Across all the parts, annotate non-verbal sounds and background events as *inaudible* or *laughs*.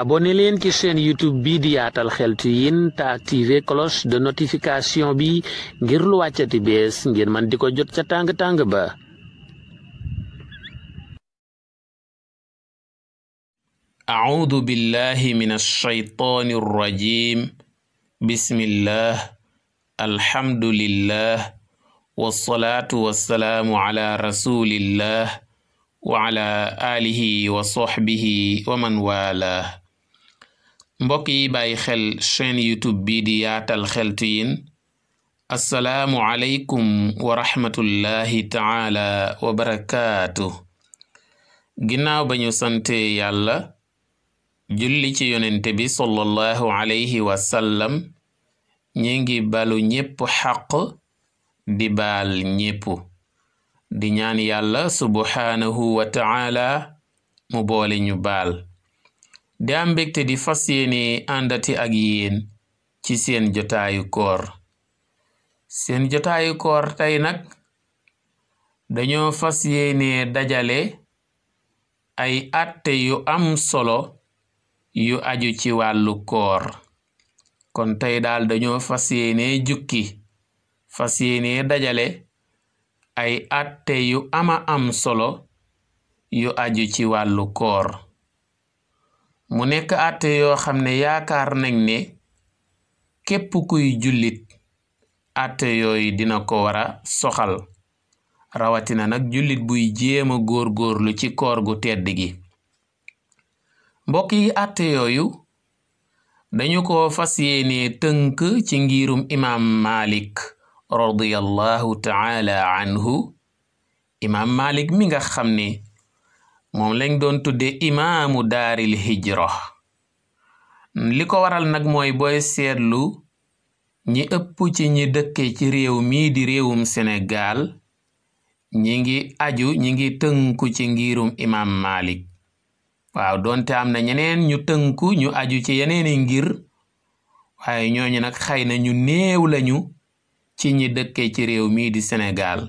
abonné leen ci chaîne youtube bi di yaatal xeltu yin te activé cloche de notification bi ngir lu wàccati bees ngir man di ko jot ca tàng-tàng ba أعوذ بالله من الشيطان الرجيم بسم الله الحمد لله والصلاة والسلام على رسول الله وعلى آله وصحبه ومن والاه mbokk yi bàyyi xel chaîne youtube bi di yaatal xeltu yin assalaamu aleykum wa rahmatullahi taala wa ginnaaw ba ñu sante yàlla julli ci yonente bi sallallahu alayhi wa sallam ngi balu ñépp xaq di baal ñépp di ñaan yàlla subhaanahu wa mu boole ñu baal di am mbégte di fas yéene àndati ak yéen ci seen jotaayu koor seen jotaayu koor tey nag dañoo fas yéene dajale ay àtte yu am solo yu aju ci wàllu koor kon tey dal dañoo fas yéene jukki fas yéene dajale ay àtte yu ama am solo yu aju ci wàllu koor mu nekk àtte yoo xam ne yaakaar nañ ne képp kuy jullit àtte yooyu dina ko war a soxal rawatina nag jullit buy jéem a góorgóorlu ci koor gu tedd gi mbokk yi àtte yooyu dañu ko fas yéene tënk ci ngirum imaam Malik radiyallahu taala anhu imaam Malik mi nga xam ne moom lañ doon tudde imaamu daaril hijra li ko waral nag mooy booy seetlu ñi ëpp ci ñi dëkke ci réew mii di réewum Sénégal ñi ngi aju ñi ngi tënku ci ngirum imaam Malik waaw doonte am na ñeneen ñu tënku ñu aju ci yeneeni ngir waaye ñooñu nag xëy na ñu néew lañu ci ñi dëkke ci réew mii di Sénégal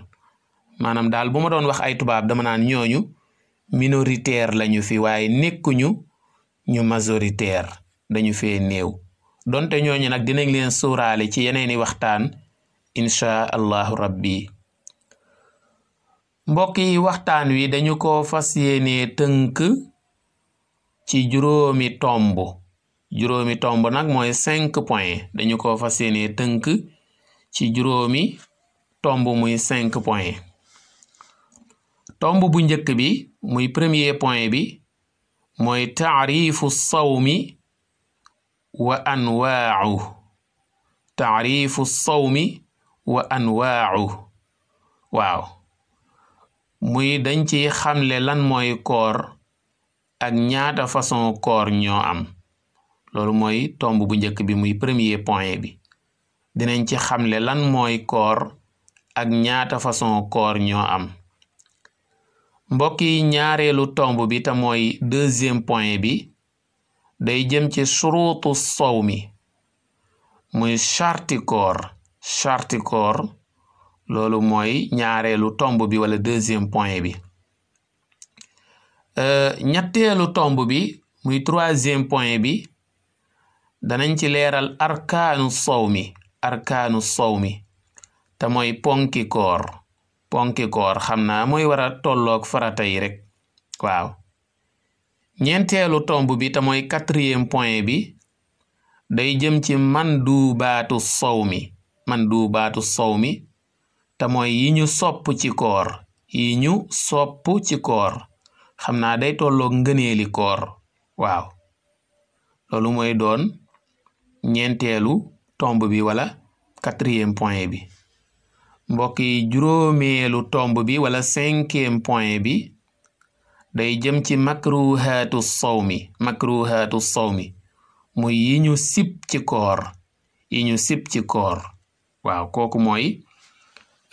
maanaam daal bu ma doon wax ay tubaab dama naan ñooñu minoritaire lañu fi waaye nekkuñu ñu majoritaire dañu fee néew donte ñooñu nag dinañ leen suuraale ci yeneeni waxtaan inchaa allahu rabbi mbokk yi waxtaan wi dañu ko fas yéene tënk ci juróomi tomb juróomi tomb nag mooy cinq points dañu ko fas yéene tënk ci juróomi tomb muy cinq points tomb bu njëkk bi muy premier point bi mooy taarifu sawmi wa anwaau taarifu sawmi wa anwaau waaw muy dañ ci xamle lan mooy koor ak ñaata façon koor ñoo am loolu mooy tomb bu njëkk bi muy premier point bi dinañ ci xamle lan mooy koor ak ñaata façon koor ñoo am mbokk yi ñaareelu tomb bi ta mooy deuxième point bi day jëm ci suruutu sow mi muy charti koor charti koor loolu mooy ñaareelu tomb bi wala deuxième point bi euh, ñetteelu tomb bi muy troisième point bi danañ ci leeral arkaanu sow mi arkaanu sow mi te mooy ponki koor ponki xam naa mooy war a tolloog farata yi rek waaw ñeenteelu tomb bi te mooy quatrième point bi day jëm ci man duubaatu sow mi man duubaatu sow mi te mooy yi ñu sopp ci yi ñu sopp ci koor xam naa day tolloog ngëneeli koor waaw loolu mooy doon ñeenteelu tomb bi wala quatrième point bi mbokk yi juróomeelu tomb bi wala cinquième point bi day jëm ci makruhaatu sawmi makruhaatu sawmi muy yi ñu sib ci koor yi ñu sib ci koor waaw kooku mooy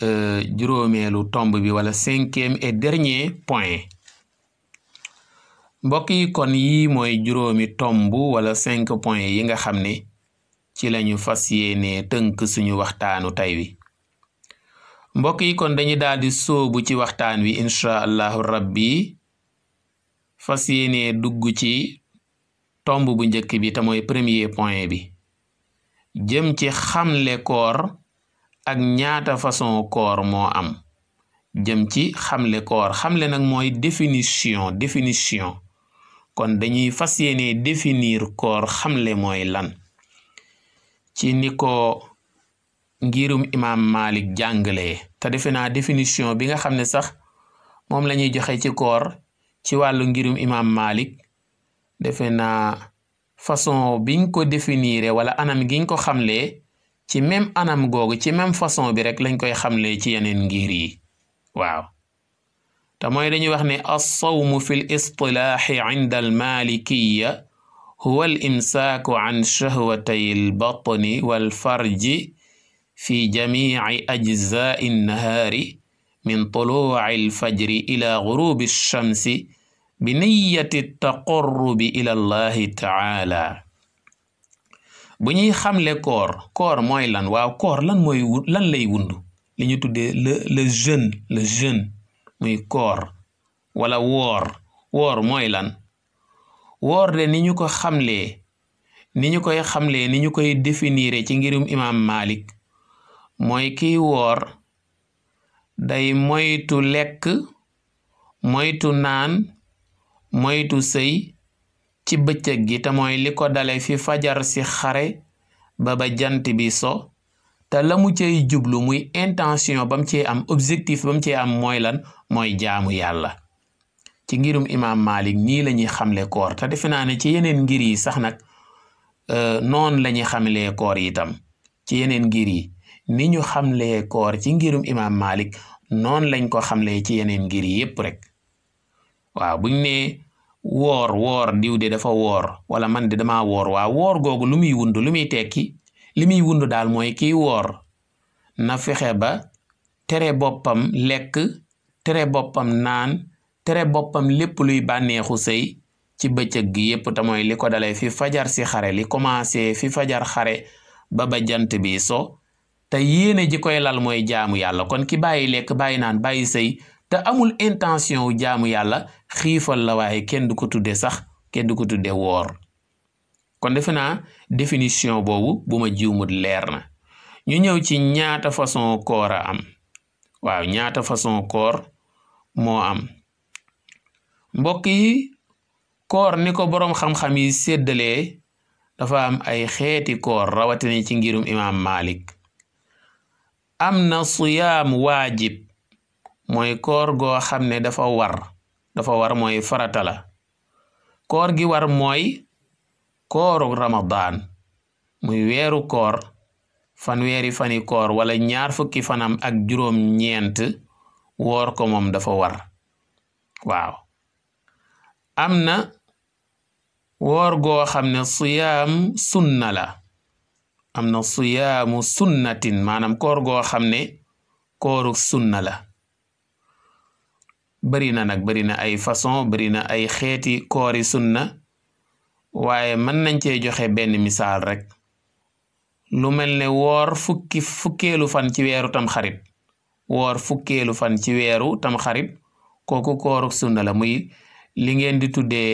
euh, juróomeelu tomb bi wala cinquième et dernier point mbokk yi kon yii mooy juróomi tomb wala cinq point yi nga xam ne ci lañu fas yéene tënk suñu waxtaanu tey wi mbokk yi kon dañu daldi sóobu ci waxtaan wi incha allahu rabbi fas yéenee dugg ci tomb bu njëkk bi te premier point bi jëm ci xamle koor ak ñaata façon koor moo am jëm ci xamle koor xamle nag mooy définition définition kon dañuy fas yéenee définir koor xamle mooy lan ci ni ko ngirum imaam Malik jàngalee te defe naa définition bi nga xam ne sax moom lañuy joxe ci koor ci wàllu ngirum imaam Malik defe na façon biñ ko définire wala anam giñ ko xamlee ci même anam googu ci même façon bi rek lañ koy xamlee ci yeneen ngir yi waaw te mooy dañuy wax ne alsawmu fi l istilaaxi inda al imsaaku an al farji fi jamiici ajzaa'i nahaari min tuluuci alfajri ila gurubi shamsi bi niyyati taqarrubi ila allahi taala bu ñuy xamle koor koor mooy lan waaw koor lan lay wundu li ñu tuddee le le le jeûne muy wala woor woor mooy lan woor ni ñu ko xamlee ni ñu koy xamlee ni ñu koy définir ci ngirum imam Malik mooy kiy woor day moytu lekk moytu naan moytu sëy ci bëccëg gi te mooy li ko dale fi fajar si xare ba ba jant bi so te la mu cay jublu muy intention bam mu cee am objectif ba mu cee am mooy lan mooy jaamu yàlla ci ngirum imaam Malik nii la xamle koor te defe naa ne ci yeneen ngir yi sax nag euh, noonu lañuy xamle koor itam ci yeneen ngir yi ni ñu xamlee koor ci ngirum imaam Malik noonu lañ ko xamlee ci yeneen ngir yépp rek waaw buñ ne woor woor diw de dafa woor wala man de dama woor waa woor googu lu muy wundu lu muy tekki li muy wundu daal mooy kiy woor na fexe ba tere boppam lekk tere boppam naan tere boppam lépp luy bànneexu sëy ci bëccëg gi yépp te li ko dalee fi fajar si xare li commencé fi fajar xare ba ba jant bi so te yéene ji koy lal mooy jaamu yàlla kon ki bàyyi lekk bàyyi naan bàyyi say te amul intention wu jaamu yàlla xiifal la waaye kenn du ko tudde sax kenn du ko tudde woor kon defe naa définition boobu bu ma leer na ñu ñëw ci ñaata façon koor a am waaw ñaata façon koor moo am mbokk yi koor ni ko boroom xam-xam yi séddalee dafa am ay xeeti koor rawatina ci ngirum imaam Malik am na siyaam waajib mooy koor goo xam ne dafa war dafa war mooy farata la koor gi war mooy kooru ramadaan muy weeru koor fanweeri fani koor wala ñaar fukki fanam ak juróom ñeent woor ko moom dafa war waaw am na woor goo xam ne siyaam sunala am na siyaamu sunnatin maanaam koor goo xam ne kooru sunna la bari na nag bari na ay façon bari na ay xeeti kori sunna waaye mën nañ cee joxe benn misaal rek lu mel ne woor fukki fukkeelu fan ci weeru tamxarit wor fukkeelu fan ci weeru tamxarit kooku kooru sunna la muy li ngeen di tuddee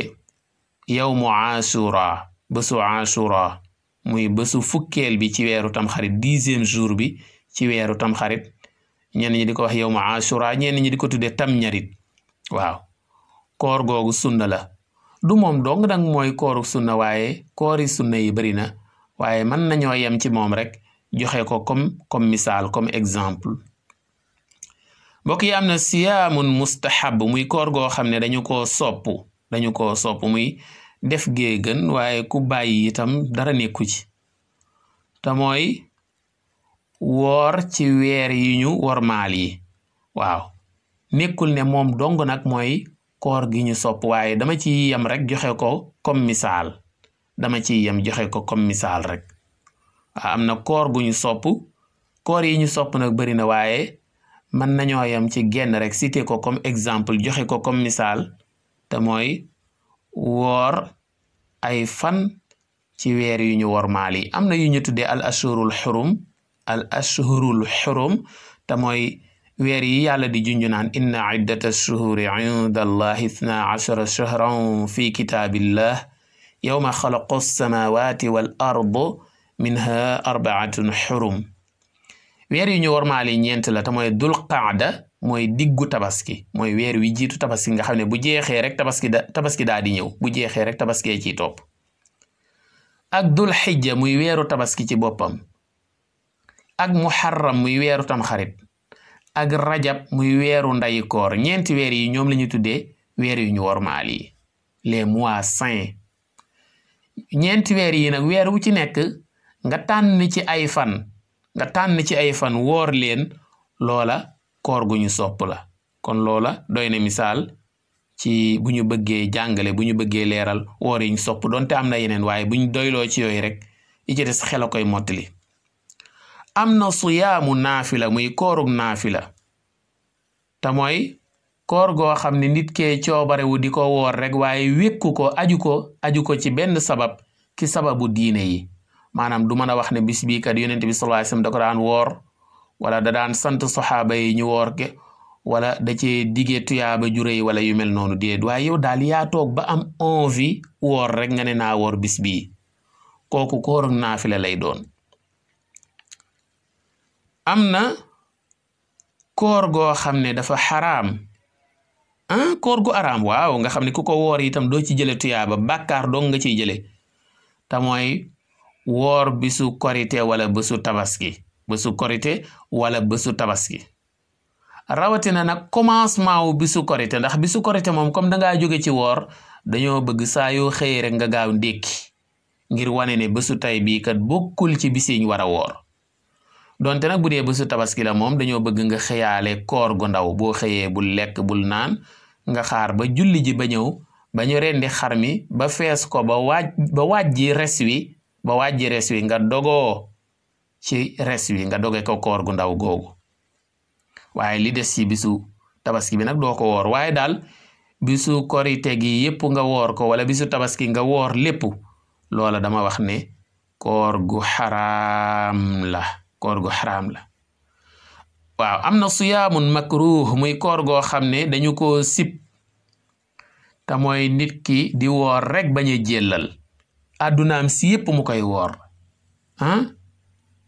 yawmu ashura bésu muy bésu fukkeel bi ci weeru tamxarit dixième jour bi ci weeru tamxarit ñenn ñi di ko wax yow ma ashura ñenn ñi di ko tuddee tam ñarit waaw koor googu sunna la du moom dong nag mooy kooru sunna waaye koori sunna yi bari na waaye mën nañoo yem ci moom rek joxe ko comme comme misaal comme exemple mbokk yi am na siyaamun mustahab muy koor goo xam ne dañu ko sopp dañu ko sopp muy def gee gën waaye ku bàyyi itam dara nekku ci te mooy woor ci weer yi ñu wormaal yi waaw nekkul ne moom dong nag mooy koor gi ñu sopp waaye dama ci yem rek joxe ko comme misaal dama ci yem joxe ko comme misaal rek waaw am na koor gu ñu sopp koor yi ñu sopp nag bari na waaye mën nañoo yem ci genn rek cité ko comme exemple joxe ko comme misaal te mooy woor ay fan ci weer yu ñu wormaal am na yu ñu tuddee al ashurul al ashurul xurum te mooy weer yi yàlla di junju naan inna iddata shuhuri inda allahi ithna ashara shahran fi kitaabillah yowma xalaqa alsamawati wal ardo minha arbaatun xurum weer yu ñu wormaal yi la te dul qaada mooy diggu tabaski mooy weer wi jiitu tabaski nga xam ne bu jeexee rek tabaski da tabaski daa di ñëw bu jeexee rek tabaskee ciy topp ak dul xijja muy weeru tabaski ci boppam ak muharram muy weeru tamxarit ak rajab muy weeru ndayi ñeenti weer yi ñoom la tuddee weer yu ñu wormaal yi les mois saints ñeenti weer yi nag weer wu ci nekk nga tànn ci ay fan nga tànn ci ay fan woor leen loola koor gu ñu sopp la kon loola doy na misaal ci bu ñu bëggee jàngale bu ñu bëggee leeral woor yi ñu sopp donte am na yeneen waaye bu doyloo ci yooyu rek i ci des xel a koy mottali am na suyaamu naafila muy koorug naafila te mooy koor goo xam ne nit kee coobarewu di ko wor rek waaye wékku ko aju ko aju ko ci benn sabab ci sababu diine yi maanaam du mën a wax ne bis bii kat yonent bi sallallahu alayhi wasallam da ko daan wala dadaan sant soxaaba yi ñu woor ke wala da cee digee tuyaaba ju wala yu mel noonu déet waaye yow yaa toog ba am envie woor rek nga ne naa woor bis bii kooku koor naafila lay doon am na koor goo xam ne dafa xaraam ah koor gu araam waaw nga xam ne ku ko woor itam doo ci jële tuyaaba bàkkaar dong nga ciy jële te mooy woor bisu korite wala bisu tabaski bésu korite wala bësu tabaski rawatina nag commencement wu bisu korite ndax bisu korite moom comme dangaa jóge ci woor dañoo bëgg saa yoo xëyee rek nga gaaw ndékki ngir wane ne bésu tay bii kat bokkul ci bis yi war a woor donte nag bu dee bésu tabaski la moom dañoo bëgg nga xëyaale koor gu ndaw boo xëyee bul lekk bul naan nga xaar ba julli ji ba ñëw ba ñu rendi xar mi ba fees ko ba waaj ba waaj ji res wi ba waaj ji res wi nga dogo ci res wi nga doge ko koor gu ndaw googu waaye li des ci bisu tabaski bi nag doo ko woor waaye daal bisu korite gi yépp nga woor ko wala bisu tabaski nga woor lépp loola dama wax ne koor gu xaraam la koor gu xaraam la waaw am na siyaamun makruh muy koor goo xam ne dañu ko sib te mooy nit ki di woor rekk bañ a jëllal àddunaam si yépp mu koy woor ah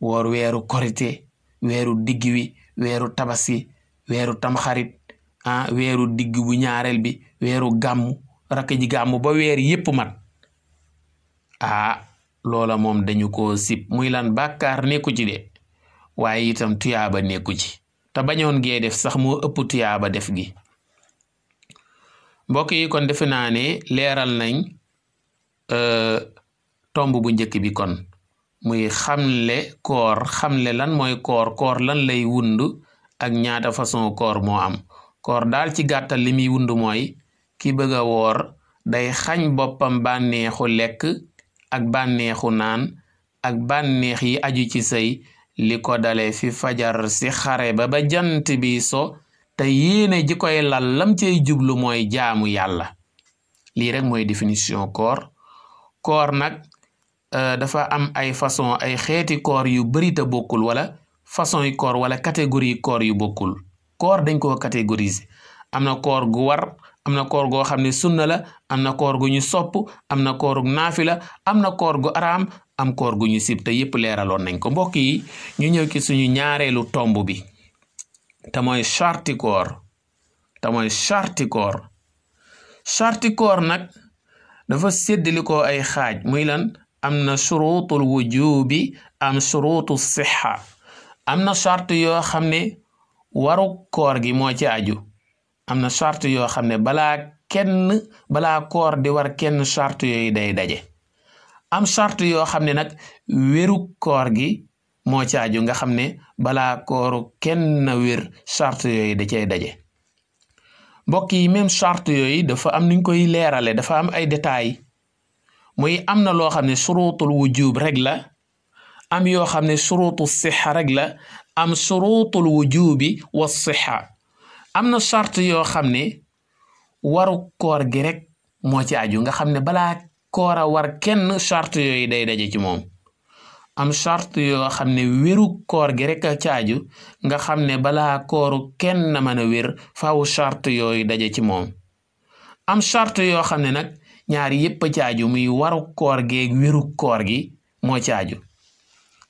woor weeru korite weeru digg wi weeru tabaski weeru tamxarit ah weeru digg bu ñaareel bi weeru gàmm rakk ji gàmm ba weer yépp mat ah loola moom dañu ko sip muy lan bàkkaar nekku ci de waaye itam tuyaaba nekku ci te bañoon gee def sax moo ëpp tuyaaba def gi mbokk yi kon defe naa ne leeral nañ euh, tomb bu njëkk bi kon muy xamle koor xamle lan mooy koor koor lan lay wund ak ñaata façon koor moo am koor dal ci gàttal li muy wund mooy ki bëgga a woor day xañ boppam bànneexu lekk ak bànneexu naan ak bànneex yi aju ci sëy li ko dale fi fajar ci xare ba ba jant bi so te yéene ji koy lal lam cey jublu mooy jaamu yàlla lii rek mooy définition koor koor nag Euh, dafa am ay façon ay xeeti koor yu bëri te bokkul wala façon yi koor wala catégorie koor yu bokkul koor dañ koo catégoriser am na koor gu war am na koor goo xam ne sunna la am na koor gu ñu sopp am na koor gu naafila am na koor gu araam am koor gu ñu sib te yépp leeraloon nañ ko mbokk yi ñu ñëw ci suñu ñaareelu tomb bi te mooy charti koor te mooy charti koor charti koor nag dafa séddali ay xaaj muy lan am na shurutul wujubi am shurutu sixa am na charte yoo xam ne waru koor gi moo ci aju am na charte yoo xam ne balaa kenn balaa koor di war kenn sartu yooyu day daje am charte yoo xam ne nag wéru koor gi moo ci aju nga xam ne balaa kooru kenn na wér charte yooyu da cay daje mbokk yi même charte yooyu dafa am nuñ koy leerale dafa am ay détails muy am na loo xam ne surutul wujub rek la am yoo xam ne surutu sixa rek la am surutul wujubi wa sixa am na charte yoo xam ne waru koor gi rek moo ci aju nga xam ne balaa koor a war kenn charte yooyu day daje ci moom am charte yoo xam ne wéru koor gi rek a ci aju nga xam ne balaa kooru kenn mën a wér faaw charte yooyu daje ci moom am charte yoo xam ne nag ñaar yëpp a caaju muy waru koor geeg wéru koor gi moo caaju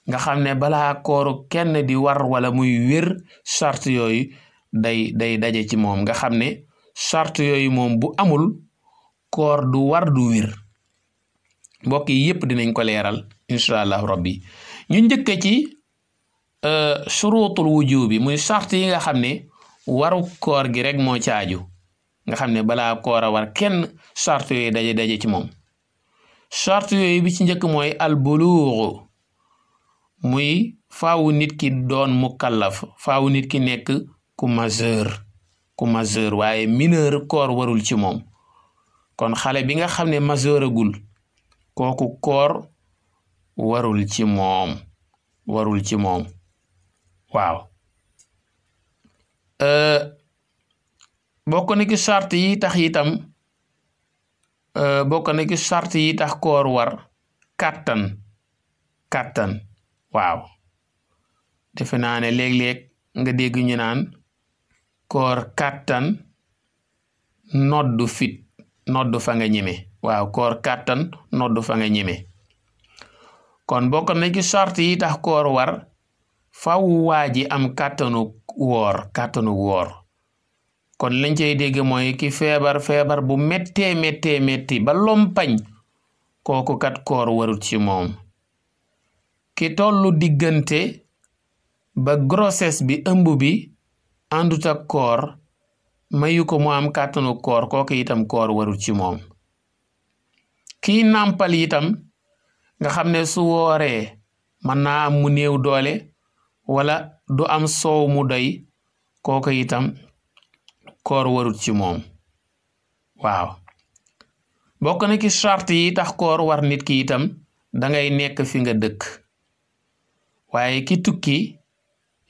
nga xam ne balaa kooru kenn di war wala muy wér charte yooyu day day daje ci moom nga xam ne charte yooyu moom bu amul koor du war du wér mbokk yi yëpp dinañ ko leeral incha allah rabbi ñu njëkk ci churutul euh, wujubi muy charte yi nga xam ne waru koor gi rek moo caaju nga xam ne balaa koor a war kenn charte yooyu daje daje ci moom charte yooyu bi ci njëkk mooy al buluuxu muy faawu nit ki doon mukallaf faawu nit ki nekk ku majeur ku majeur waaye mineur koor warul ci moom kon xale bi nga xam ne majeur agul kooku koor warul ci moom warul ci moom waaw. Euh, bokk na ci sart yi tax itam e, bokk na ci sart yi tax koor war kàttan kàttan waaw defe naa ne léeg nga dégg ñu naan koor kàttan noddu fit noddu fa nga ñeme koor kàttan noddu fa nga ñeme kon bokk na ci sart yi tax koor war faw waa ji am kàttanu woor kàttanu woor kon lañ cay dégg mooy ki feebar feebar bu méttee méttee métti ba lompañ kooku kat koor warut ci moom ki tollu diggante ba grossesse bi ëmb bi àndut ak koor mayu ko mu am kàttanu koor kooku itam koor warut ci moom kii nàmpal itam nga xam ne su wooree mën naa am mu néew doole wala du am soow mu doy kooku itam koor warut ci moom waaw bokk na ci yi tax koor war nit ki itam dangay nekk fi nga dëkk waaye ki tukki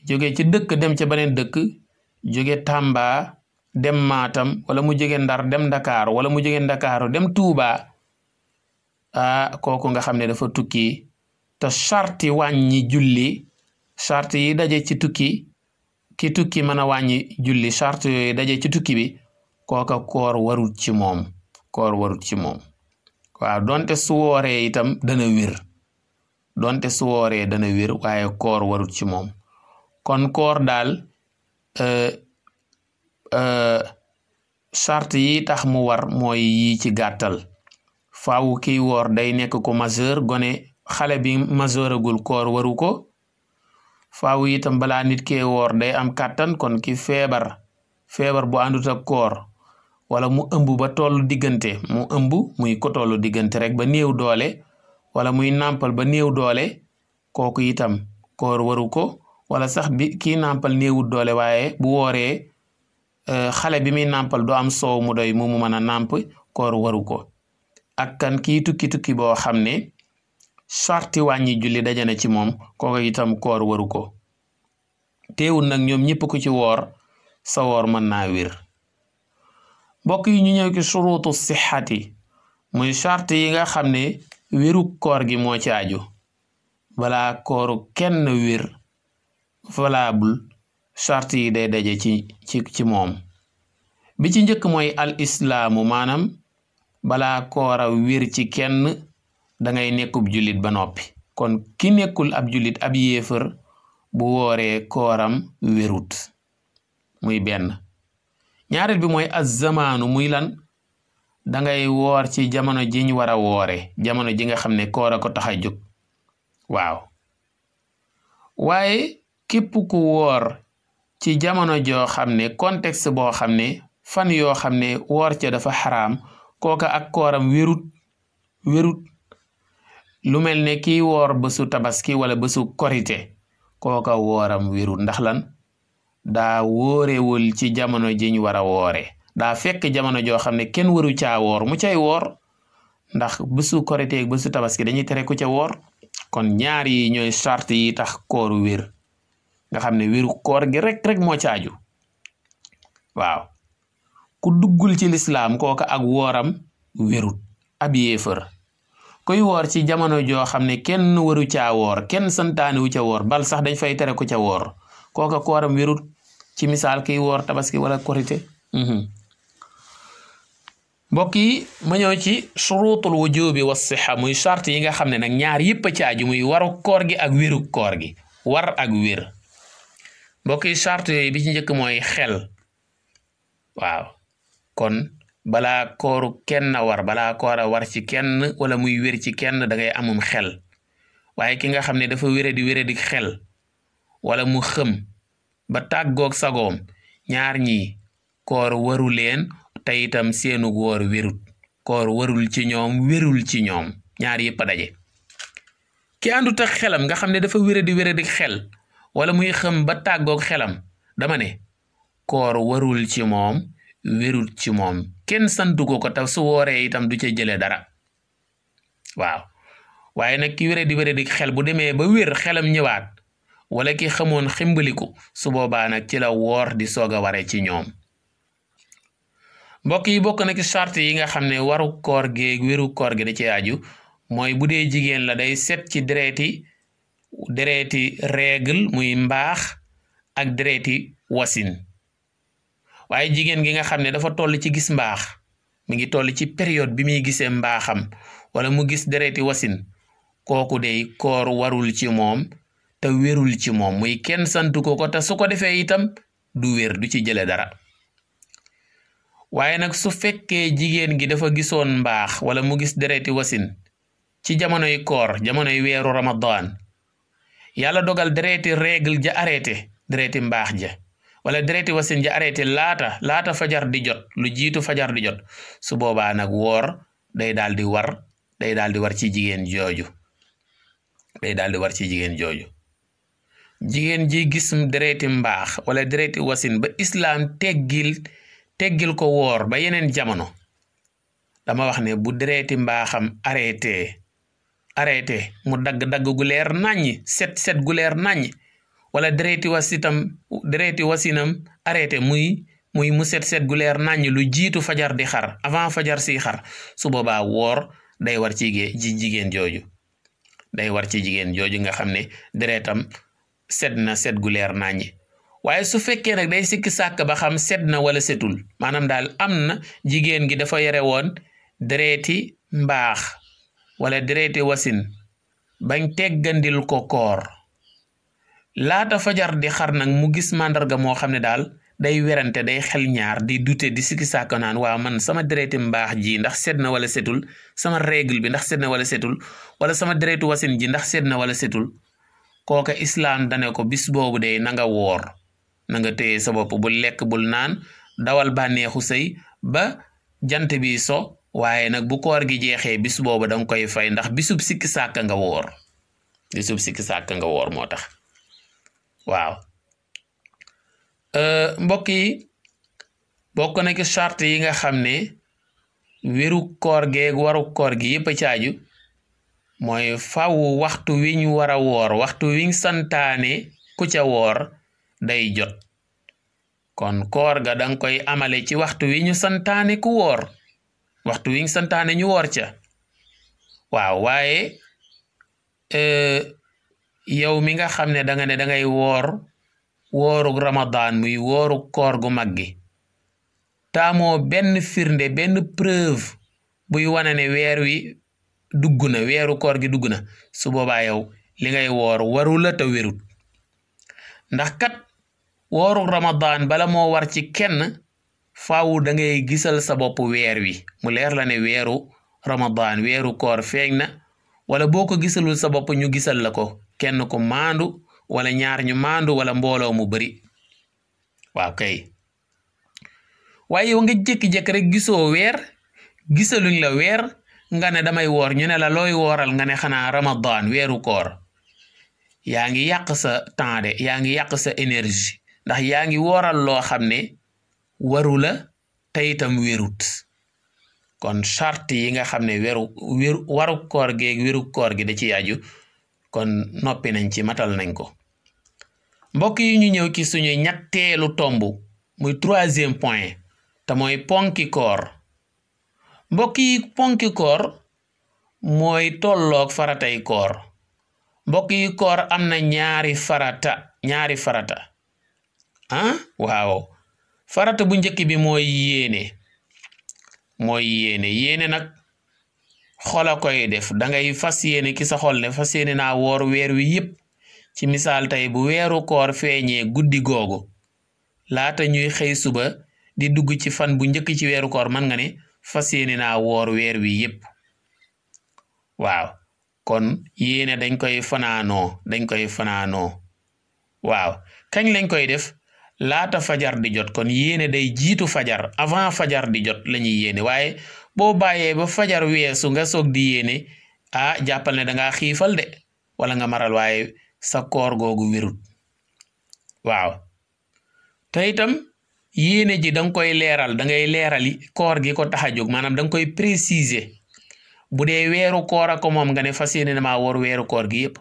jóge ci dëkk dem ca beneen dëkk jóge tàmba dem maatam wala mu jege Ndar dem Ndakaaru wala mu jóge Ndakaaru dem Tuuba ah kooku nga xam ne dafa tukki te charte wàññi julli charte yi daje ci tukki ki tukki mën a wàññi julli charte yooyu daje ci tukki bi kooka koor warut ci moom koor warut ci moom waaw donte su itam dana wér donte su wooree dana wér waaye koor warut ci moom kon koor daal euh, euh, charte yi tax mu war mooy yi ci gàttal faaw kiy woor day nekk ko majeur gone xale bi majeuragul koor waru ko faaw itam balaa nit kee woor day am kàttan kon ki feebar feebar bu àndut ta koor wala mu ëmb ba tollu diggante mu ëmb muy ko tollu diggante rek ba néew doole wala muy nàmpal ba néew doole kooku itam koor waru ko wala sax bi kii nàmpal néewut doole waaye bu wooree euh, xale bi muy nàmpal du am soow mu doy mu mu mën a nàmp koor waru ko ak kan kii tukki tukki boo xam ne sarti wàññi julli daje ci moom kooku itam koor waru ko teewul nag ñoom ñëpp ku ci woor sa woor mën na wér mbokk yi ñu ñëw ci suruutu sixati muy sart yi nga xam ne wérug koor gi moo ci aju balaa kooru kenn wér valable sart yi day ci ci moom bi ci njëkk mooy al islaamu maanaam balaa koora wér ci kenn dangay nekkub jullit ba noppi kon ki nekkul ab jullit ab yéefar bu wooree kooram wérut muy benn ñaareel bi mooy azzamaanu muy lan dangay woor ci jamono ji ñu war a woore jamono ji nga xam ne koor a ko tax a jóg waaw waaye képp ku woor ci jamono joo xam ne contexte boo xam ne fan yoo xam ne woor ca dafa xaraam kooka ak kooram wérut wérut lu mel ne kii woor bésu tabaski wala bésu korite kooka wooram wérul ndax lan daa wóorewul ci jamono jiñ war a woore daa fekk jamono joo xam ne kenn waru caa woor mu cay wor ndax bésu korite ak tabaski dañuy tere ku ca woor kon ñaar yi ñooy charte yi tax kooru wir nga xam ne wéru koor gi rek rek moo caaju waaw ku duggul ci lislaam kooka ak wooram wérut ab yéefër kuy woor ci jamono joo xam ne kenn waru caa woor kenn santaane wu ca woor bal sax dañ fay tere ko ca woor kooka kooram wérut ci misaal kiy woor tabaski wala korite mhm. mbokk yi ma ci surutul wujubi wa sixa muy charte yi nga xam ne nag ñaar yëpp a caaju muy waru kor gi ak wéru koor gi war ak wér mbokk yi charte yooyu bi ci njëkk mooy xel waaw kon bala kooru kenn war balaa koor a war ci kenn wala muy wér ci kenn dangay amum xel waaye ki nga xam ne dafa wéradi wéradi xel wala mu xëm ba tàggook sagoom ñaar ñi koor waru leen te itam seenu woor wérut koor warul ci ñoom wérul ci ñoom ñaar yëpp a daje ki àndut ak xelam nga xam ne dafa wéradi wéradi xel wala muy xëm ba tàggook xelam dama ne koor warul ci moom wérut ci moom kenn santu ko ko tax su wooree itam du ca jëlee dara waaw waaye nag ki wére di wére di xel bu demee ba wér xelam ñëwaat wala ki xamoon ximbaliku su boobaa nag ci la woor di soog a waree ci ñoom mbokk yi bokk na ci charte yi nga xam ne waru koor géeg wéru koor gi da ci aju mooy bu dee jigéen la day set ci dereeti dereeti règle muy mbaax ak dereeti wasin waaye jigéen gi nga xam ne dafa toll ci gis mbaax mi ngi toll ci période bi muy gisee mbaaxam wala mu gis dereti wasin kooku dey koor warul ci moom te wérul ci moom muy kenn sant ko ko te su ko defee itam du wér du ci jële dara waaye nag su fekkee jigéen gi dafa gisoon mbaax wala mu gis dereti wasin ci jamonoy koor jamonoy weeru ramadan yàlla dogal dereti règle ja arrêté dereti mbaax ja wala dereti wasin ji arrêté laata laata fajar di jot lu jiitu fajar di jot su boobaa nag woor day daal di war day daal di war ci jigéen jooju day daal di war ci jigéen jooju jigéen ji gis dereti mbaax wala dereti wasin ba islaam teggil teggil ko woor ba yeneen jamono dama wax ne bu dereti mbaaxam arrêté arrêté mu dagg-dagg gu leer naññi set set gu wala dereti wasitam dereti wasinam arrêté muy muy mu set set gu leer naññ lu jiitu fajar di xar avant fajar si xar su boobaa woor day war ci jigéen jooju day war ci jigéen jooju nga xam ne deretam set na set gu leer naññ waaye su fekkee nag day sikki sàkk ba xam set na wala setul maanaam daal am na jigéen gi dafa yore woon dereti mbaax wala dereti wasin bañ teggandil ko koor laata fajar di xar nag mu gis màndarga moo xam ne daal day werante day xel ñaar di dute di sikki sàkka naan waa man sama dereeti mbaax ji ndax sedd na wala setul sama règle bi ndax sedd na wala setul wala sama dereetu wasin ji ndax sedd na wala setul kooka islaam dane ko bis boobu de na nga woor na nga téye sa bopp bul lekk bul naan dawal bànneexu sëy ba jant bi soo waaye nag bu koor gi jeexee bis boobu da koy fay ndax bisub sikki sàkka nga woor bisub sikki nga woor moo tax waaw euh, mbokk yi bokk na ci charte yi nga xam ne wéru koor geeg waru koor gi yëpp caaju mooy fàww waxtu wi ñu war a woor waxtu wiñ santaane ku ca woor day jot kon koor ga dang koy amale ci waxtu wi ñu santaane ku woor waxtu wiñ santaane ñu woor ca waaw waaye euh, yow mi nga xam ne danga ne dangay woor woorug Ramadan muy woorug koor gu mag gi taamoo benn firnde benn preuve buy wane ne weer wi dugg na weeru koor gi dugg na su boobaa yow li ngay woor waru la te wérut ndax kat woorug Ramadan bala moo war ci kenn faaw dangay gisal sa bopp weer wi mu leer la ne weeru Ramadan weeru koor feeñ na wala boo ko gisalul sa bopp ñu gisal la ko kenn ko maandu wala ñaar ñu maandu wala mbooloo mu bari waaw kay waaye yow nga jékki-jékki rek gisoo weer gisaluñ la weer nga ne damay woor ñu ne la looy woral nga ne xanaa ramadan weeru koor yaa ngi yàq sa temps de yaa ngi yàq sa énergie ndax yaa ngi wooral loo xam ne waru la te itam wérut kon charte yi nga xam ne weru weru koor geeg weru koor gi da ci yaaju kon noppi nañ ci matal nañ ko mbokk yi ñu ñëw ci suñu ñetteelu tomb muy troisième point te mooy ponki koor mbokk ponki koor mooy tollook faratay koor mbokk koor am na ñaari farata ñaari farata ah waaw farata bu njëkk bi mooy yéene mooy yéene yéene nag xol a koy def dangay fas yéene ki sa xol ne fas yéene naa woor weer wi yépp ci misaal tey bu weeru koor feeñee guddi googu laata ñuy xëy suba di dugg ci fan bu njëkk ci weeru koor mën nga ne fas yéene na woor weer wi yépp waaw kon yéene dañ koy fanaanoo dañ koy fanaanoo waaw kañ lañ koy def laata fajar di jot kon yéene day jiitu fajar avant fajar di jot lañuy ñuy waaye boo bàyyee ba fajar weesu nga soog di yéene ah jàppal ne dangaa xiifal de wala nga maral waaye sa koor googu wérut waaw te itam yéene ji danga koy leeral dangay leerali koor gi ko tax a jóg maanaam danga koy préciser bu dee weeru koor ko moom nga ne fas yéene na maa war weeru koor gi yëpp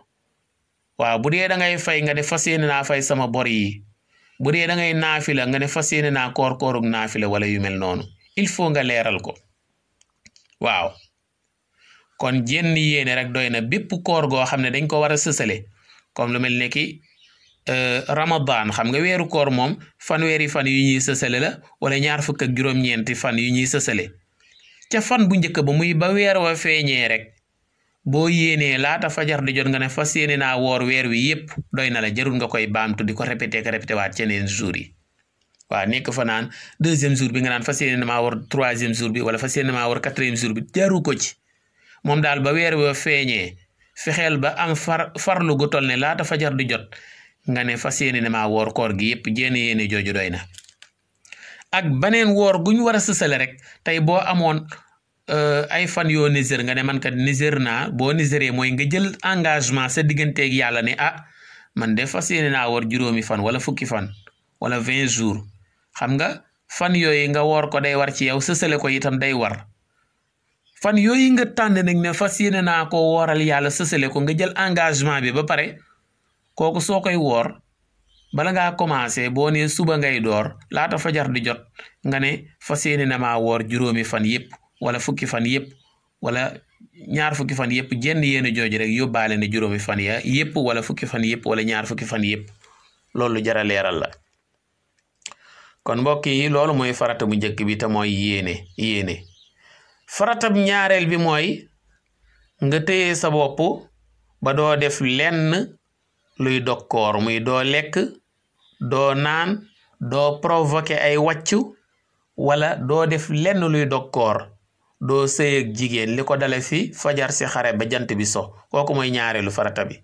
waaw bu dee da ngay fay nga ne fas yéene naa fay sama bor yi bu dee da ngay naafila nga ne fas yéene naa koor koorug naafila wala yu mel noonu il faut nga leeral ko waaw kon jenn yéene rek doy na bépp koor goo xam ne dañ ko war a sësale comme lu mel ne ki euh, Ramadan xam nga weeru koor moom fanweeri fan yu ñuy sësale la wala ñaar fukk ak juróom-ñeenti fan yu ñuy sësale ca fan bu njëkk ba muy ba weer wa feeñee rek boo yéenee laata fajar di jot nga ne fas yéene naa woor weer wi yépp doy na la jarul nga koy baamtu di ko répété ko répété waat ceneen jour yi waaw nekk fa naan deuxième jour bi nga naan fa yéene maa war troisième jour bi wala fa yéene maa war quatrième jour bi jaru ko ci moom daal ba weer wa feeñee fexeel ba am far farlu gu toll ne laata fajar di jot nga ne fas yéene ne maa woor koor gi yëpp jéene yéene jooju doy na ak baneen woor guñ war a sësale rek tey boo amoon euh, ay fan yoo nisér nga ne man kat nisér naa boo niséree mooy nga jël engagement sa digganteeg yàlla ne ah man de fas yéene naa wor juróomi fan wala fukki fan wala vingt jours xam nga fan yooyu nga woor ko day war ci yow sësale ko itam day war fan yooyu nga tànn nag ne fas yéene naa ko woral yàlla sësale ko nga jël engagement bi ba pare kooku soo koy woor bala ngaa commencé boo nee suba ngay door laata fajar di jot nga ne fas yéene na ma woor juróomi fan yépp wala fukki fan yépp wala ñaar fukki fan yépp jenn yéen jooju rek yóbbaale ne juróomi fan ya yépp wala fukki fan yépp wala ñaar fukki fan yépp loolu jara leeral la kon mbokk yi loolu mooy farata bu njëkk bi te mooy yéene yéene farata ñaareel bi mooy nga téye sa bopp ba doo def lenn luy dog muy doo lekk doo naan doo provoquer ay wàccu wala doo def lenn luy dokkoor doo sëy jigéen li ko dale fi fajar si xare ba jant bi so kooku mooy ñaareelu farata bi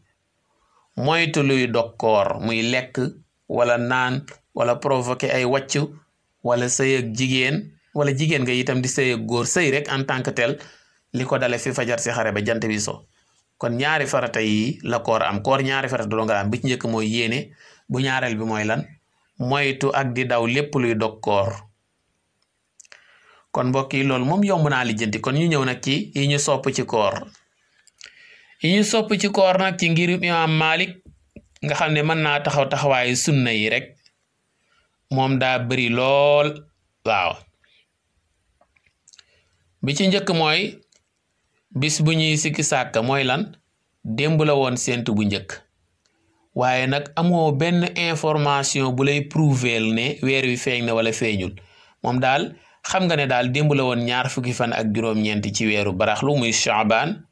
moytu luy dog muy lekk wala naan wala provoquer ay wacc wala sëy jigéen wala jigéen nga itam di sëy ak góor sëy rek en tant que tel li ko dale fi fajar si xare ba jant bi so kon ñaari farata la koor am koor ñaari farata doo nga am bi ci njëkk mooy yéene bu ñaareel bi mooy lan moytu ak di daw lépp luy dog koor kon mbokk yi loolu moom yomb naa lijjanti kon ñu ñëw nag ci yi ñu sopp ci koor yi ñu sopp ci koor nag ki ngir imaam Malik nga xam ne mën naa taxaw taxawaayu na yi rek moom daal bari lool waaw bi ci njëkk mooy bis bu ñuy sikki sàkk mooy lan démb la woon séntu bu njëkk waaye nag amoo benn information bu lay prouver ne weer wi feeñ na wala feeñul moom daal xam nga ne daal démb la woon ñaar fukki fan ak juróom-ñeent ci weeru baraxlu muy Shaaban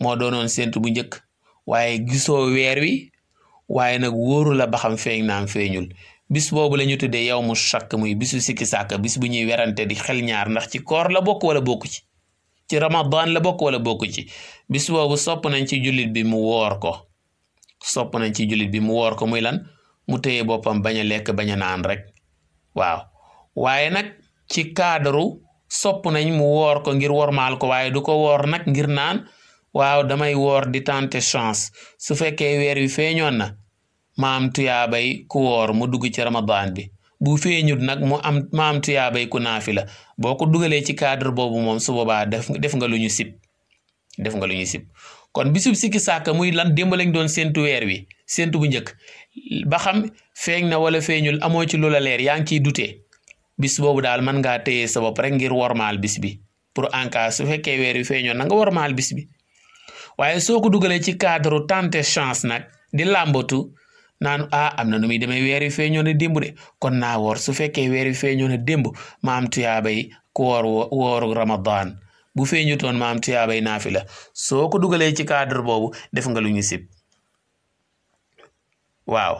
moo doonoon séntu bu njëkk waaye gisoo weer wi waaye nag wóoru la ba feeñ naam feeñul bis boobu la ñu tuddee yow mu sakk muy bisu sikki sàkk bis bu ñuy werante di xel ñaar ndax ci koor la bokk wala bokku ci ci ramadan la bokk wala bokku ci bis boobu sopp nañ ci jullit bi mu woor ko sopp nañ ci julit bi mu woor ko muy lan mu téye boppam bañ lekk bañ a naan rek waaw waaye nag ci cadre sopp nañ mu woor ko ngir maal ko waaye du ko woor nag ngir naan waaw damay woor di tenter chance su fekkee weer wi feeñoon na ma am tuyaabay ku woor mu dugg ci ramadaan bi bu feeñut nag mu am ma am tuyaabay ku naafila boo ko dugalee ci cadre boobu moom su boobaa def def nga lu ñu sib def nga lu ñu sib kon bisub sikki sàkka muy lan démb doon séntu weer wi séntu bu njëkk ba xam feeñ na wala feeñul amoo ci loola leer yaa ngi ciy dutee bis boobu daal mën ngaa téye sa bopp ngir ngir maal bis bi pour en su fekkee weer wi feeñoon na nga maal bis bi waaye soo ko dugalee ci cadre naan ah am na nu muy weer wi feeñoo na démb de kon naa woor su fekkee weer wi feeñoo na démb ma am tuyaabay ku woor wooru bu feeñutoon ma am tuyaabay naafila soo ko dugalee ci cadre boobu def nga lu ñu sib waaw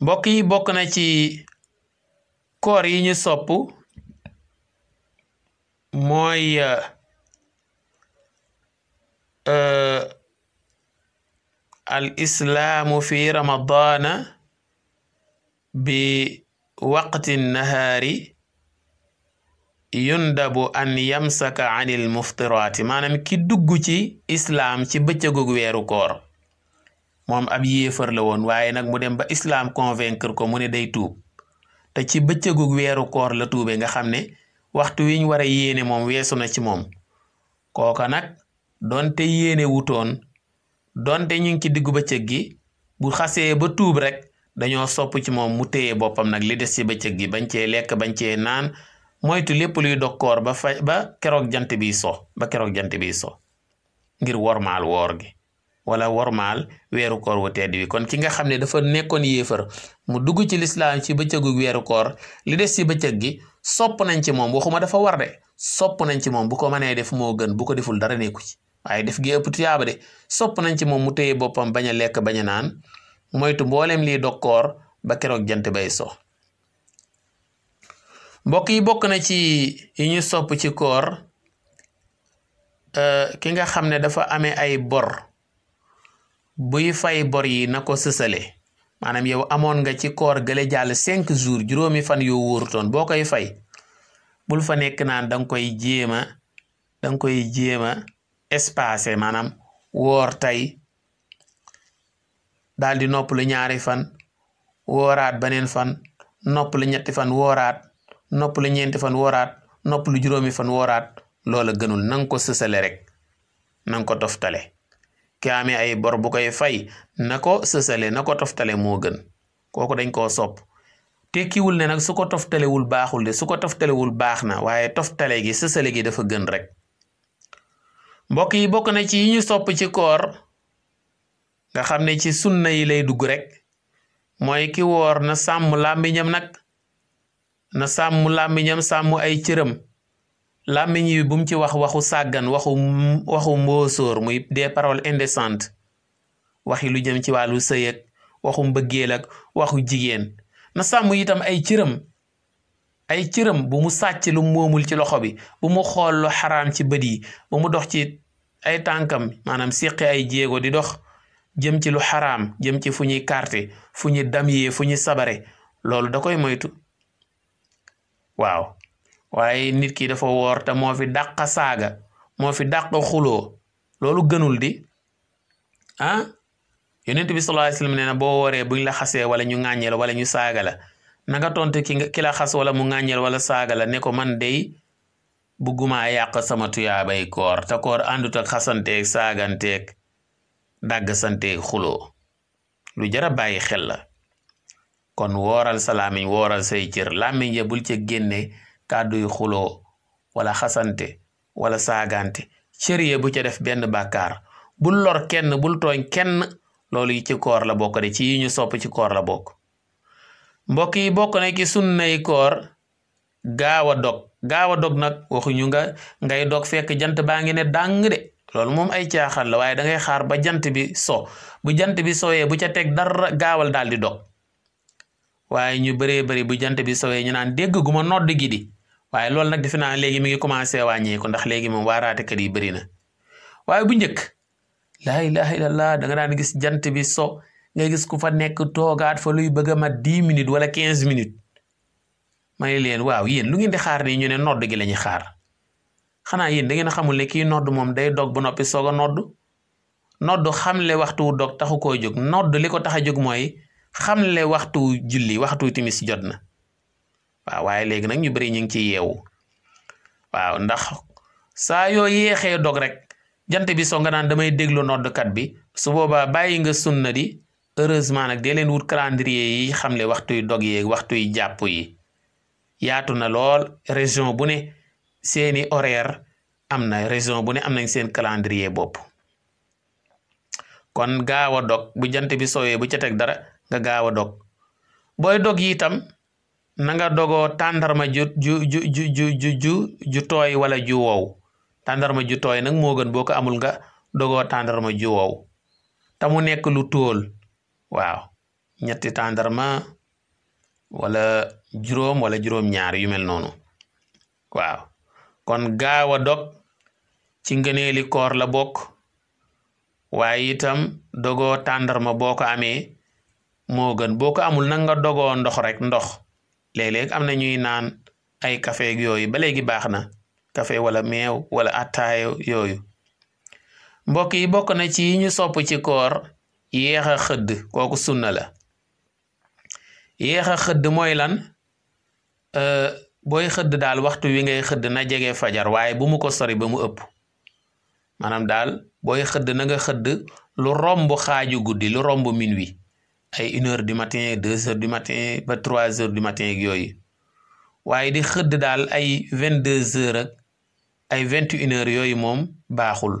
mbokk yi bokk na ci koor yi ñu sopp mooy. Euh, euh, al islaamu fi ramadaana bi waqti nahaari yundabu an yamsaka anil muftiraati maanaam ki dugg ci islam ci bëccëgug weeru koor moom ab yéefar la woon waaye nag mu dem ba islaam convaincre ko mu day tuub te ci bëccëgug weeru koor la tuube nga xam ne waxtu wiñ war a yéene moom weesu na ci moom kooka nag doonte wutoon donte ñu ngi ci diggu bëccëg gi bu xasee ba tuub rek dañoo sopp ci moom mu téye boppam nag li des ci bëccëg gi bañ cee lekk bañ cee naan moytu lépp luy dog ba fa ba keroog jant bi so ba keroog jant bi so ngir wormaal woor gi wala wormaal weeru koor wu kon ki nga xam ne dafa nekkoon yéefar mu dugg ci lislaam ci bëccëgu weeru koor li des bëccëg gi sopp nañ ci moom waxuma dafa war de sopp nañ ci moom bu ko mënee def moo gën bu ko deful dara nekku ci waaye def gi ëpp tuyaaba de sopp nañ ci moom mu téye boppam bañ a lekk bañ naan moytu mbooleem lii dog koor ba keroog jant bay so mbokk yi bokk na ci yi ñu sopp ci koor euh, ki nga xam ne dafa ame ay bor buy fay bor yi na ko sësale maanaam yow amoon nga ci koor gële jàll cinq jours juróomi fan yoo wóorutoon boo koy fay bul fa nekk naan danga koy jéema danga koy jéema espacé maanaam woor tey daal di noppalu ñaari fan wooraat beneen fan noppalu ñetti fan wooraat noppalu ñeenti fan wooraat noppalu juróomi fan wooraat loola gënul nanga ko sësale rek nanga ko toftale ki ay bor bu koy fay na ko sësale na ko toftale moo gën kooku dañ koo sopp tekkiwul ne nag su ko toftalewul baaxul de su ko toftalewul baax na waaye toftale gi sësale gi dafa gën rek mbokk yi bokk na ci yi ñu sopp ci koor nga xam ne ci sunna yi lay dugg rek mooy ki woor na sàmm làmmiñam nag na sàmm làmmiñam sàmm ay cëram làmmiñ yi bum ci wax waxu sàggan waxu waxu mbóosóor muy des paroles indécentes waxi lu jëm ci wàllu sëy waxu mbëggeelak waxu jigéen na sàmm itam ay cëram ay cëram bu mu sàcc lu moomul ci loxo bi bu mu xool lu xaraam ci bët yi bu mu dox ci ay tànkam maanaam siqi ay jéego di dox jëm ci lu xaraam jëm ci fu ñuy carte fu ñuy damyee fu ñuy sabare loolu da koy moytu waaw waaye nit kii dafa woor te moo fi dàq saaga moo fi dàq xuloo loolu gënul di ah yonent bi sallallahu alayhi wasallam nee na boo wooree buñ la xasee wala ñu ŋàññeel wala ñu saaga la na nga tontu ki ki la xas wala mu ŋàññeel wala saaga la ne ko man dey buggumaa yàq sama tuyaabay koor te koor àndut ak jara bàyyi xel la kon wooral sa làmmiñ wooral say bul ca génne kàdduy xuloo wala xasante wala saagante cër bu ca def benn bàkkaar bul lor kenn yi ci koor la bokk ci yi ñu sopp ci koor la bokk mbokk yi bokk na ci sunnay koor gaaw a dog gaaw a dog nag waxuñu nga ngay dog fekk jant baa ngi ne dàng loolu moom ay caaxaan la waaye da ngay xaar ba jant bi so bu jant bi sooyee bu ca teg dara gaawal daal di dog waaye ñu bëree bëri bu jant bi sooyee ñu naan dégg ma nodd gi waaye loolu nag defe naa léegi mi ngi commencé wàññeeku ndax léegi moom waaraatekat yi bëri na waaye bu njëkk laa ilaha illallah da daan gis jant bi so nga gis ku fa nekk toogaat fa luy bëgg a mat dix minutes wala quinze minutes ma leen waaw yéen lu ngi di xaar nii ñu ne nodd gi la ñuy xaar xanaa yéen da ngeen a xamul ne kii nodd moom day dog ba noppi soo a nodd nodd xamle waxtu wu dog taxu koo jóg nodd li ko tax a jóg mooy xamle waxtu julli waxtu timis jot na waaye léegi nag ñu bëri ñu ngi ciy yeewu waaw ndax saa yoo yeexee dog rek jant bi soo nga naan damay déglu noddkat bi su boobaa bàyyi nga sunna di heureusement nag dee leen wut calendrier yi xamle waxtuy dog yeeg waxtuy jàpp yi yaatu na lool région bu ne seeni horaire am na région bu ne am nañ seen calendrier bopp kon gaaw dog bu jant bi sowee bu ca teg dara nga gaaw a dog booy dog yi itam na nga dogoo tàndarma ju ju ju ju ju ju ju tooy wala ju wow tàndarma ju tooy nag moo gën boo ko amul nga dogo tàndarma ju wow te mu nekk lu tóol waaw ñetti tàndarma wala juróom wala juróom-ñaar yu mel noonu waaw kon gaaw a dog ci ngëneeli koor la bokk waaye itam dogoo tàndarma boo ko amee moo gën boo ko amul nanga nga dogoo ndox rek ndox léeg am na ñuy naan ay café yooyu ba léegi baax na café wala meew wala attaayo yooyu mbokk yi bokk na ci ñu sopp ci koor yéex a xëdd kooku sunna la yéex a xëdd mooy lan Euh, booy xëdd daal waxtu wi ngay xëdd na jege fajar waaye bu mu ko sori ba mu ëpp maanaam daal booy xëdd na nga xëdd lu romb xaaju guddi lu romb minuit ay une heure du matin deux heures du matin ba trois heures du matin ak yooyu waaye di xëdd daal ay vingt deux heures ak ay vingt une heures yooyu moom baaxul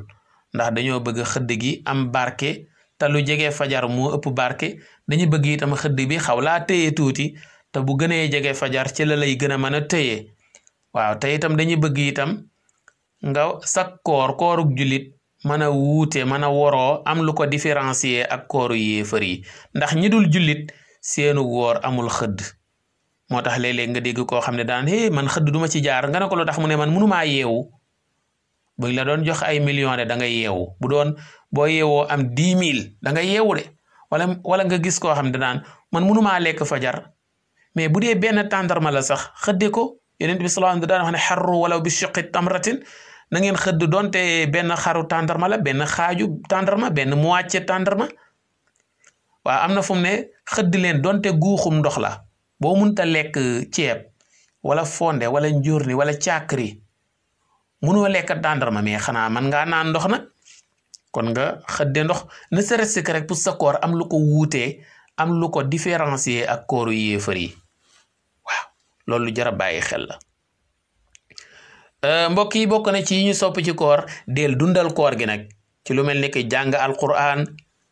ndax dañoo bëgg xëdd gi am barke te lu jege fajar moo ëpp barke dañu bëgg itam xëdd bi xaw laa téye tuuti te bu gënee jege fajar ci la lay gën a mën a tëye waaw te itam dañuy bëgg itam nga sa koor kooruk jullit mën a wuute mën a woroo am lu ko différencier ak kooru yéefar yi ndax ñi dul jullit seenu woor amul xëdd moo tax léeg-léeg nga dégg koo xam ne daan hé man xëdd duma ci jaar nga ne ko lu tax mu ne man mënumaa yeewu buñ la doon jox ay millions de da nga yeewu bu doon boo yeewoo am dix mille da nga yeewu de wala wala nga gis koo xam ne daan man mënumaa lekk fajar mais bu dee benn tàndarma la sax xëdde ko yonent bi sallallahu alayhi wa sallam daan wax ne xarru walaw bi shiqqi tamratin na ngeen xëdd doonte benn xaru tàndarma la benn xaaju tàndarma benn moitié tàndarma waaw am na fu mu ne xëdd leen donte guuxum ndox la boo munta lekk ceeb wala fonde wala njurni wala càkkri munoo lekk tàndarma mais xanaa man ngaa naan ndox nag kon nga xëdde ndox na serait-ce rek pour sa koor am lu ko wuutee am lu ko différencier ak kooru yéefar yi loolu lu jar a bàyyi xel la euh, mbokk yi bokk na ci yi ñu sopp ci koor del dundal koor gi nag ci lu mel ni ki jàng alquran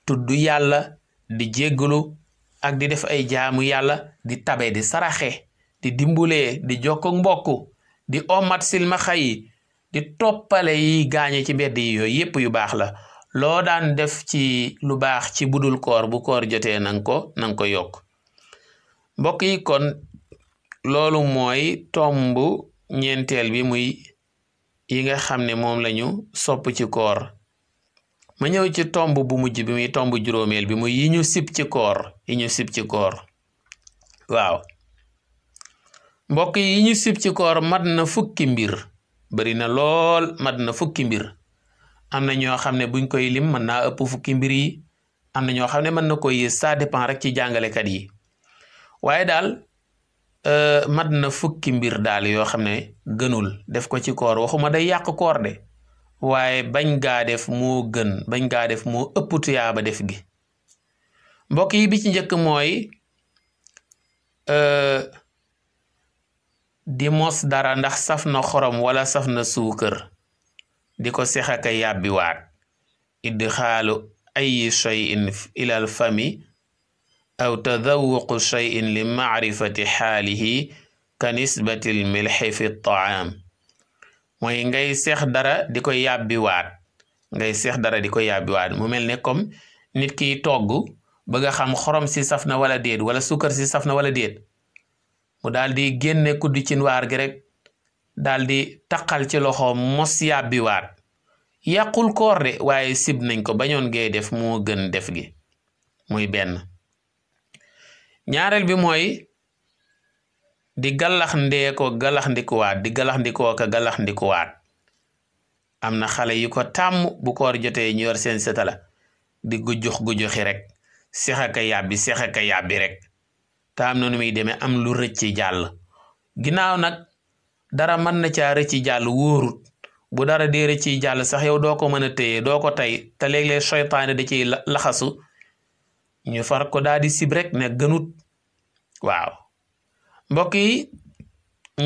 tudd yàlla di jéggalu ak di def ay jaamu yàlla di tabe di saraxe di dimbulee di jokk mbokk di omat silmaxa yi di toppale yi gaañe ci mbedd yi yooyu yépp yu baax la loo daan def ci lu baax ci budul koor bu koor jotee nanga ko nanga ko yokk mbokk kon loolu mooy tomb ñeenteel bi muy yi nga xam ne moom lañu sopp ci koor ma ñëw ci tomb bu mujj bi muy tomb juróomeel bi muy yi ñu sib ci koor yi ñu sib ci koor waaw mbokk yi ñu sib ci koor mat na fukki mbir bari na lool mat na fukki mbir am na ñoo xam ne buñ koy lim mën na ëpp fukki mbir yi am na ñoo xam ne mën na koy yées ça dépend rek ci jàngalekat yi waaye daal Euh, mat na fukki mbir daal yoo xam ne gënul def ko ci koor waxuma da yàq koor de waaye bañ gaa def moo gën bañ gaa def mu ëpp tuyaaba def gi mbokk yi bi ci njëkk mooy euh, di mos dara ndax saf na xorom wala saf na suukar di ko sex ak a yàbbiwaat idxaalu ayi shay'in ilal fami aw tadawuqu cheyin li macrifati xaalihi ka nisbati lmilxi fi taam mooy ngay seex dara di ko yàbbiwaat ngay seex dara di ko yàbbiwaat mu mel ne kom nit kiy togg bëgg a xam xorom si saf na wala déet wala sukkar si saf na wala déet mu daal di génne kuddu cin waar gi rek daal di taqal ci loxo mos yàbbiwaat yàqul koor de waaye sib nañ ko bañoon ngay def mu gën def gi muy benn ñaareel bi mooy di galax ndeeko galax ndikuwaat di galax ndikoo ka ndikuwaat am na xale yu ko tàmm bu koor jotee ñu yor seen setala di gujux gujuxi rek sex aka yàbbi sex aka yàbbi rek te am na nu demee am lu rëcc jàll ginnaaw nag dara mën na caa rëcc jàll wóorut bu dara dee rëcc jàll sax yow doo ko mën a téye doo ko tey te léeg-léeg seytaane da ciy laxasu ñu far ko daal di sib rek ne gënut waaw mbokk yi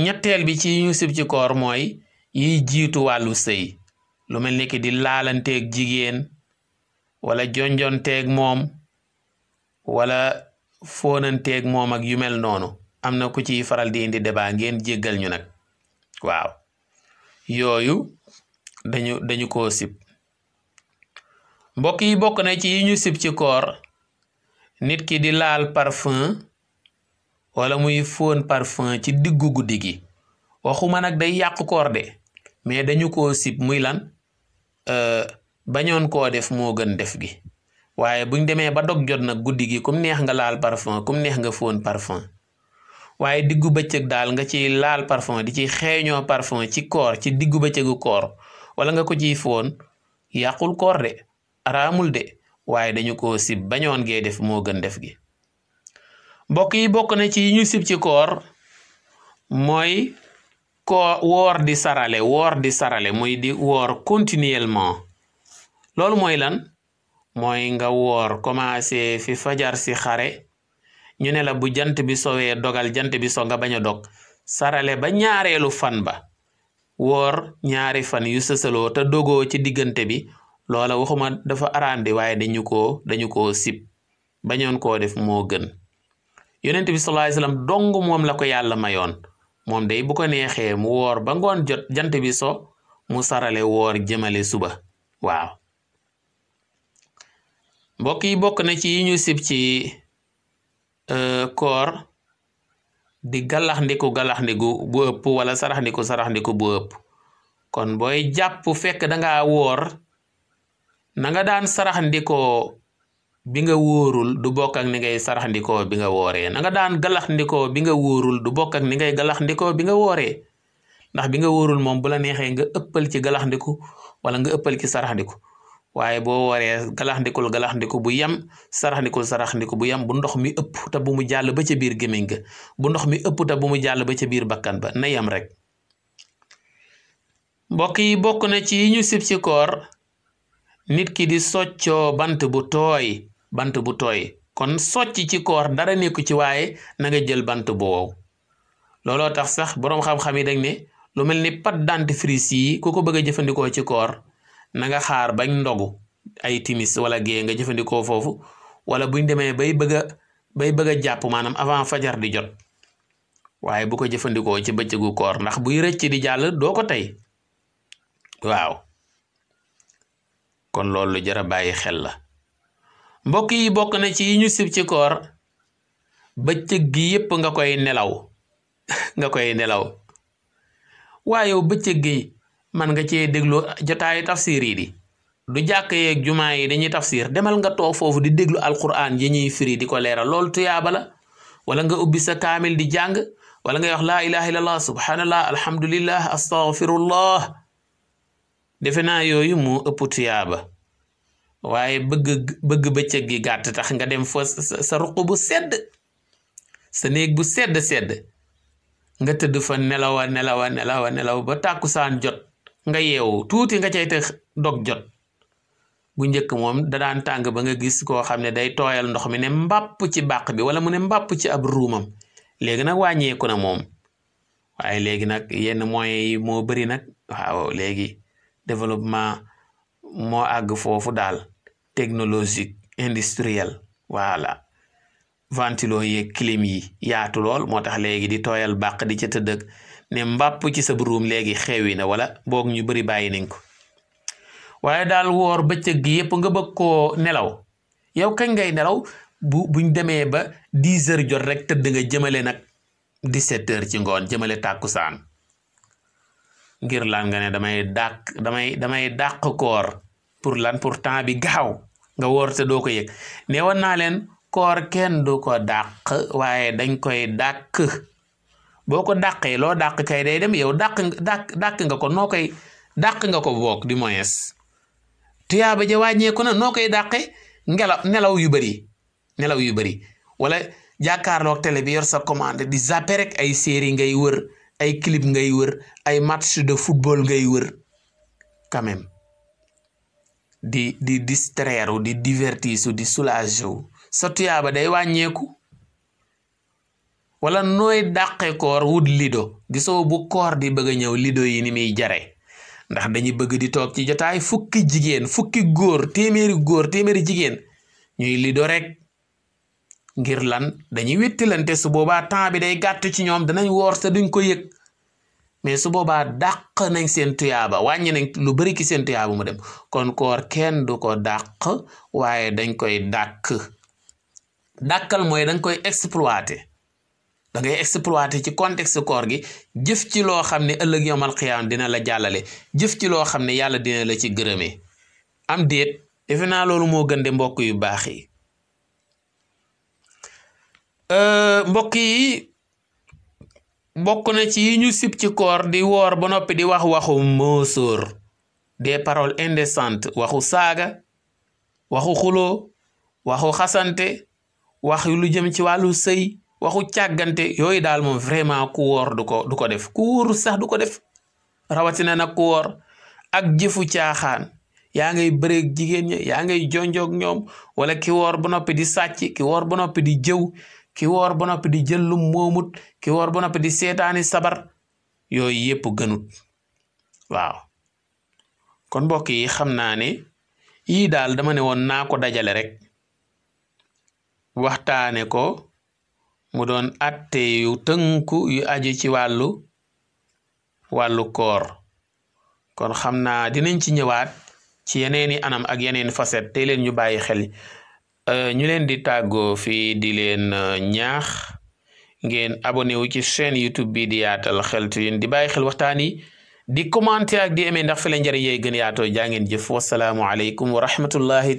ñetteel bi ci ñu sib ci koor mooy yi jiitu wàllu sëy lu mel ni ki di laalanteeg jigéen wala jonjonteeg moom wala fóonanteeg moom ak yu mel noonu am na ku ciy faral di indi débat ngeen jéggal ñu nag waaw yooyu dañu dañu koo sib mbokk yi bokk na ci yi ñu sib ci koor nit ki di laal parfum wala muy fóon parfum ci diggu guddi gi waxuma nag day yàqu koor de mais dañu ko sib muy lan euh, bañoon koo def moo gën def gi waaye buñ demee ba dog jot nag guddi gi kum neex nga laal parfum kum neex nga fóon parfum waaye diggu ba bëccëg daal nga ci laal parfum di ci xeeñoo parfum ci koor ci diggu bëccëgu koor wala nga ko ciy fóon yàqul koor de araamul de waaye dañu ko sib bañoon gee def moo gën def gi mbokk yi bokk na ci yi ñu sib ci koor mooy ko woor di sarale woor di sarale mooy di woor continuellement loolu mooy lan mooy nga woor commencé fi fajar si xare ñu ne la bu jant bi sowee dogal jant bi so nga bañ a dog sarale ba ñaareelu fan ba woor ñaari fan yu sësaloo te dogoo ci diggante bi loola waxuma dafa araam di waaye dañu ko dañu koo sib bañoon koo def moo gën yonent bi sallallahu alayhi dong moom la ko yàlla mayoon moom day bu ko neexee mu woor ba ngoon jot jant bi so mu sarale woor jëmale suba waaw mbokk yi bokk na ci yi ñu sib ci euh, koor di galax ndiku galax ndiku bu ëpp wala sarax ndiku sarax ndiku bu ëpp kon booy jàpp fekk danga woor na daan sarax ndikoo bi nga wóorul du bokk ak ni ngay sarax ndikoo bi nga wooree na nga daan galax ndikoo bi nga wóorul du bokk ak ngay galax bi nga wooree ndax bi nga wóorul moom bu la neexee nga ëppal ci galax ndiku wala nga ëppal ci sarax ndiku waaye boo wooree galax ndikul galax ndiku bu yem sarax ndikul sarax ndiku bu yem bu ndox mi ëpp te bu mu jàll ba ca biir gémmiñ ga bu ndox mi ëpp ta bu mu jàll ba ca biir bakkan ba na yem rek mbokk yi bokk na ci yi ñu sib ci nit ki di soccoo bant bu tooy bant bu tooy kon socc ci koor dara nekku ci waaye na nga jël bant bu wow looloo tax sax boroom xam-xam yi dañ ne lu mel ni pat pâte dentifrice yi ku ko bëgg a jëfandikoo ci koor na nga xaar bañ ndogu ay timis wala gée nga jëfandikoo foofu wala buñ demee bay bëgg bay bëgg a jàpp maanaam avant fajar di jot waaye bu ko jëfandikoo ci bëccëgu koor ndax buy rëcc di jàll doo ko tey waaw kon loolu lu jar a bàyyi xel la mbokk yi bokk na ci yi ñu sib ci koor bëccëg gi yépp nga koy nelaw *laughs* nga koy nelaw waaye bëccëg gi man nga cee déglu jotaayu tafsir yi di du jàkk yeeg jumaa yi dañuy tafsir demal nga toog foofu di déglu alquran yi ñuy firi di ko leeral loolu tuyaaba la wala nga ubbi sa kaamil di jàng wala ngay wax laa ilaha illallah subhanallah alhamdulillah astaghfirullah defe naa yooyu mu ëpp tuyaaba waaye bëgg bëgg bëccëg gi gàtt tax nga dem fa sa ruq bu sedd sa néeg bu sedd sedd nga tëdd fa nelawa nelawa nelawa nelaw ba tàkkusaan jot nga yeewu tuuti nga cay te dog jot bu njëkk moom da daan tàng ba nga gis koo xam ne day tooyal ndox mi ne mbàpp ci bàq bi wala mu ne mbàpp ci ab ruumam léegi nag wàññeeku na moom waaye léegi nag yenn moyens moo bari nag waaw léegi développement moo àgg foofu daal technologique industriel voilà ventilo yeeg kilim yi yaatu lool moo tax léegi di tooyal bàq di ca tëddëg ne mbapp ci sa ruum léegi xewi na wala boog ñu bari bàyyi nañ ko waaye daal woor ba gi yëpp nga bëgg koo nelaw yow kañ ngay nelaw bu buñ demee ba dix heures jot rek tëdd nga jëmale nag di sept ci ngoon jëmale tàkkusaan ngir lan nga ne damay dàq damay damay dàq koor pour lan pour temps bi gaaw nga woor te doo ko yëg ne woon naa leen koor kenn du ko dàq waaye dañ koy dàq boo ko dàqee loo dàq kay day dem yow dàq dàq dàq nga ko noo koy dàq nga ko boog di moyes tuyaaba ja wàññeeku na noo koy dàqee ngelaw nelaw yu bëri nelaw yu bëri wala jàkkaarloog télé bi yor sa commande di zappe rek ay série ngay wër ay clip ngay wër ay match de football ngay wër quand di di distraire di divertisu di soulager wu sa tuyaaba day wàññeeku wala nooy dàqe koor wut lido gisoo bu koor di bëgg a ñëw lido yi ni muy jare ndax dañuy bëgg di toog ci jotaay fukki jigéen fukki góor téeméeri góor téeméeri jigéen ñuy lido rek ngir lan dañuy wéttilante su boobaa temps bi day gàtt ci ñoom danañ woor sa duñ ko yëg mais su boobaa dàq nañ seen tuyaaba wàññi nañ lu bari ki seen tuyaaba mu dem kon koor kenn du ko dàq waaye dañ koy dàq dàkkal mooy dañ koy exploiter da ngay exploiter ci context koor gi jëf ci loo xam ne ëllëg yomal xiyaam dina la jàllale jëf ci loo xam ne yàlla dina la ci gërëme am déet defe naa loolu moo gën de mbokk yu baax yi euh, bokk na ci yi ñu sib ci koor di woor ba noppi di wax waxu mbóosóor des paroles indécentes waxu saaga waxu xuloo waxu xasante wax lu jëm ci wàllu sëy waxu càggante yooyu daal moom vraiment ku woor du ko def ku wóoru sax du ko def rawatina na ku woor ak jëfu caaxaan yaa ngay bëreeg jigéen yaa ngay jonjoog ñoom wala ki woor ba noppi di sàcc ki woor ba noppi di jëw ki woor ba noppi di jël lu moomut ba noppi di seetaani sabar yooyu yépp gënut waaw kon mbokk yi xam naa ne yii daal dama ne woon naa ko dajale rek waxtaane ko mu doon atte yu tënku yu aju ci wàllu wàllu koor kon xam naa dinañ ci ñëwaat ci yeneeni anam ak yeneeni facette tey leen ñu bàyyi xel Euh, ñu leen di tàggoo fii di leen euh, ñaax ngeen abonné wu ci chaîne YouTube bi di yaatal xeltu yéen di bàyyi xel waxtaan yi di commenté ak di aimé ndax fi la njëriñ yee gën yaatoo jaa ngeen jëf wasalaamu aleykum wa rahmatullahi